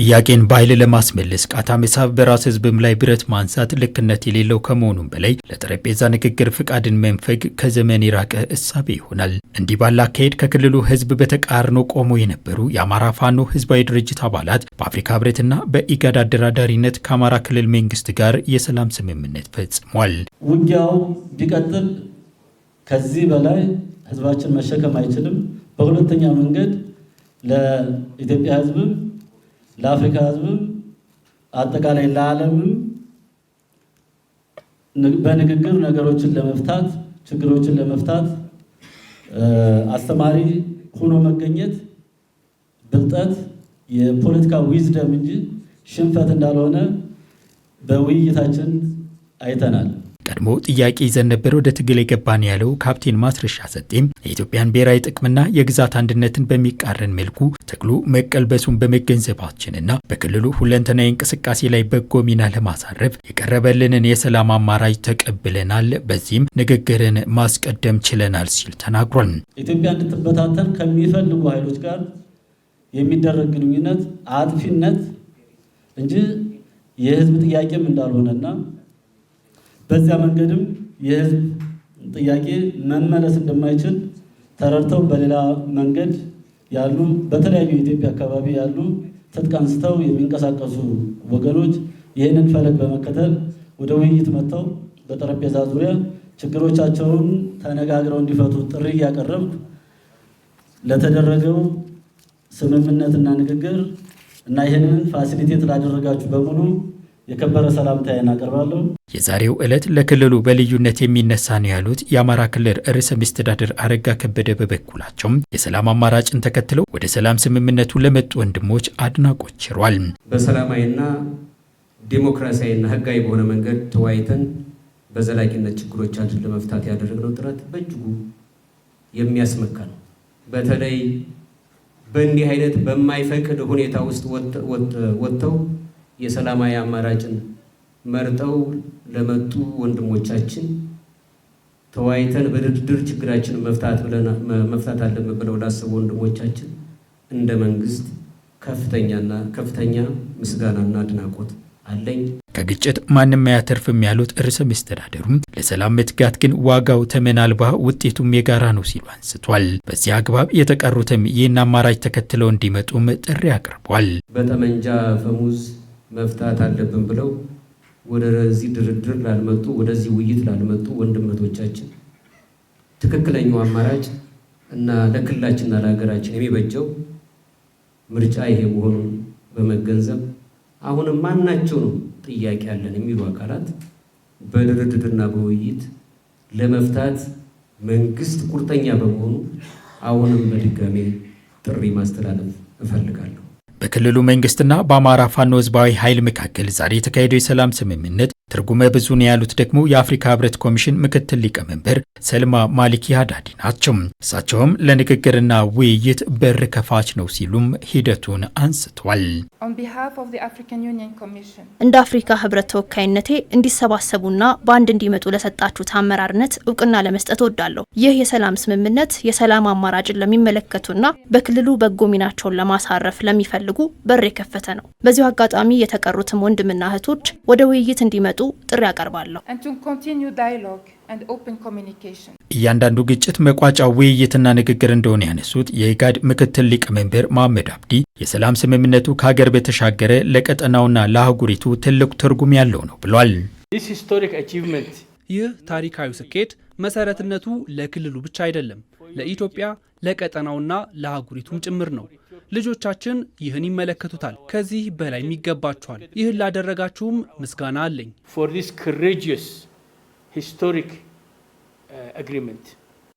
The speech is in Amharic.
ጥያቄን በኃይል ለማስመለስ ቃታ መሳብ በራስ ህዝብም ላይ ብረት ማንሳት ልክነት የሌለው ከመሆኑም በላይ ለጠረጴዛ ንግግር ፍቃድን መንፈግ ከዘመን የራቀ እሳቤ ይሆናል። እንዲህ ባለ አካሄድ ከክልሉ ህዝብ በተቃርኖ ቆሞ የነበሩ የአማራ ፋኖ ህዝባዊ ድርጅት አባላት በአፍሪካ ህብረትና በኢጋድ አደራዳሪነት ከአማራ ክልል መንግስት ጋር የሰላም ስምምነት ፈጽሟል። ውጊያው ቢቀጥል ከዚህ በላይ ህዝባችን መሸከም አይችልም። በሁለተኛ መንገድ ለኢትዮጵያ ህዝብም ለአፍሪካ ህዝብም አጠቃላይ ለዓለምም በንግግር ነገሮችን ለመፍታት ችግሮችን ለመፍታት አስተማሪ ሆኖ መገኘት ብልጠት የፖለቲካ ዊዝደም እንጂ ሽንፈት እንዳልሆነ በውይይታችን አይተናል። ቀድሞ ጥያቄ ይዘን ነበር ወደ ትግል የገባን ያለው ካፕቴን ማስረሻ ሰጤም የኢትዮጵያን ብሔራዊ ጥቅምና የግዛት አንድነትን በሚቃረን መልኩ ትግሉ መቀልበሱን በመገንዘባችንና በክልሉ ሁለንተናዊ እንቅስቃሴ ላይ በጎ ሚና ለማሳረፍ የቀረበልንን የሰላም አማራጭ ተቀብለናል፣ በዚህም ንግግርን ማስቀደም ችለናል ሲል ተናግሯል። ኢትዮጵያ እንድትበታተን ከሚፈልጉ ኃይሎች ጋር የሚደረግ ግንኙነት አጥፊነት እንጂ የህዝብ ጥያቄም እንዳልሆነና በዚያ መንገድም የህዝብ ጥያቄ መመለስ እንደማይችል ተረድተው በሌላ መንገድ ያሉ በተለያዩ የኢትዮጵያ አካባቢ ያሉ ትጥቅ አንስተው የሚንቀሳቀሱ ወገኖች ይህንን ፈለግ በመከተል ወደ ውይይት መጥተው በጠረጴዛ ዙሪያ ችግሮቻቸውን ተነጋግረው እንዲፈቱ ጥሪ እያቀረብኩ ለተደረገው ስምምነትና ንግግር እና ይህንን ፋሲሊቴት ላደረጋችሁ በሙሉ የከበረ ሰላምታዬን አቀርባለሁ። የዛሬው ዕለት ለክልሉ በልዩነት የሚነሳ ነው ያሉት የአማራ ክልል ርዕሰ መስተዳድር አረጋ ከበደ በበኩላቸውም የሰላም አማራጭን ተከትለው ወደ ሰላም ስምምነቱ ለመጡ ወንድሞች አድናቆት ችሯል። በሰላማዊና ዴሞክራሲያዊና ህጋዊ በሆነ መንገድ ተወያይተን በዘላቂነት ችግሮቻችን ለመፍታት ያደረግነው ጥረት በእጅጉ የሚያስመካ ነው። በተለይ በእንዲህ አይነት በማይፈቅድ ሁኔታ ውስጥ ወጥተው የሰላማዊ አማራጭን መርጠው ለመጡ ወንድሞቻችን ተወያይተን በድርድር ችግራችንን መፍታት አለብን ብለው ላሰቡ ወንድሞቻችን እንደ መንግስት ከፍተኛና ከፍተኛ ምስጋናና አድናቆት አለኝ። ከግጭት ማንም አያተርፍም ያሉት ርዕሰ መስተዳደሩም ለሰላም መትጋት ግን ዋጋው ተመን አልባ ውጤቱም የጋራ ነው ሲሉ አንስቷል። በዚህ አግባብ የተቀሩትም ይህን አማራጭ ተከትለው እንዲመጡም ጥሪ አቅርቧል። በጠመንጃ ፈሙዝ መፍታት አለብን ብለው ወደዚህ ድርድር ላልመጡ፣ ወደዚህ ውይይት ላልመጡ ወንድመቶቻችን ትክክለኛው አማራጭ እና ለክልላችንና ለሀገራችን የሚበጀው ምርጫ ይሄ መሆኑን በመገንዘብ አሁንም ማናቸው ነው ጥያቄ አለን የሚሉ አካላት በድርድርና በውይይት ለመፍታት መንግስት ቁርጠኛ በመሆኑ አሁንም በድጋሜ ጥሪ ማስተላለፍ እፈልጋለሁ። በክልሉ መንግስትና በአማራ ፋኖ ህዝባዊ ኃይል መካከል ዛሬ የተካሄደው የሰላም ስምምነት ትርጉመ ብዙ ነው ያሉት ደግሞ የአፍሪካ ህብረት ኮሚሽን ምክትል ሊቀመንበር ሰልማ ማሊኪ ሃዳዲ ናቸው። እሳቸውም ለንግግርና ውይይት በር ከፋች ነው ሲሉም ሂደቱን አንስተዋል። እንደ አፍሪካ ህብረት ተወካይነቴ እንዲሰባሰቡና በአንድ እንዲመጡ ለሰጣችሁት አመራርነት እውቅና ለመስጠት እወዳለሁ። ይህ የሰላም ስምምነት የሰላም አማራጭን ለሚመለከቱና በክልሉ በጎ ሚናቸውን ለማሳረፍ ለሚፈልጉ በር የከፈተ ነው። በዚሁ አጋጣሚ የተቀሩትም ወንድምና እህቶች ወደ ውይይት እንዲመጡ እንዲመጡ ጥሪ አቀርባለሁ። እያንዳንዱ ግጭት መቋጫው ውይይትና ንግግር እንደሆነ ያነሱት የኢጋድ ምክትል ሊቀመንበር መሐመድ አብዲ የሰላም ስምምነቱ ከሀገር በተሻገረ ለቀጠናውና ለአህጉሪቱ ትልቅ ትርጉም ያለው ነው ብሏል። ይህ ታሪካዊ ስኬት መሰረትነቱ ለክልሉ ብቻ አይደለም፣ ለኢትዮጵያ ለቀጠናውና ለአህጉሪቱም ጭምር ነው። ልጆቻችን ይህን ይመለከቱታል። ከዚህ በላይ ይገባችኋል። ይህን ላደረጋችሁም ምስጋና አለኝ።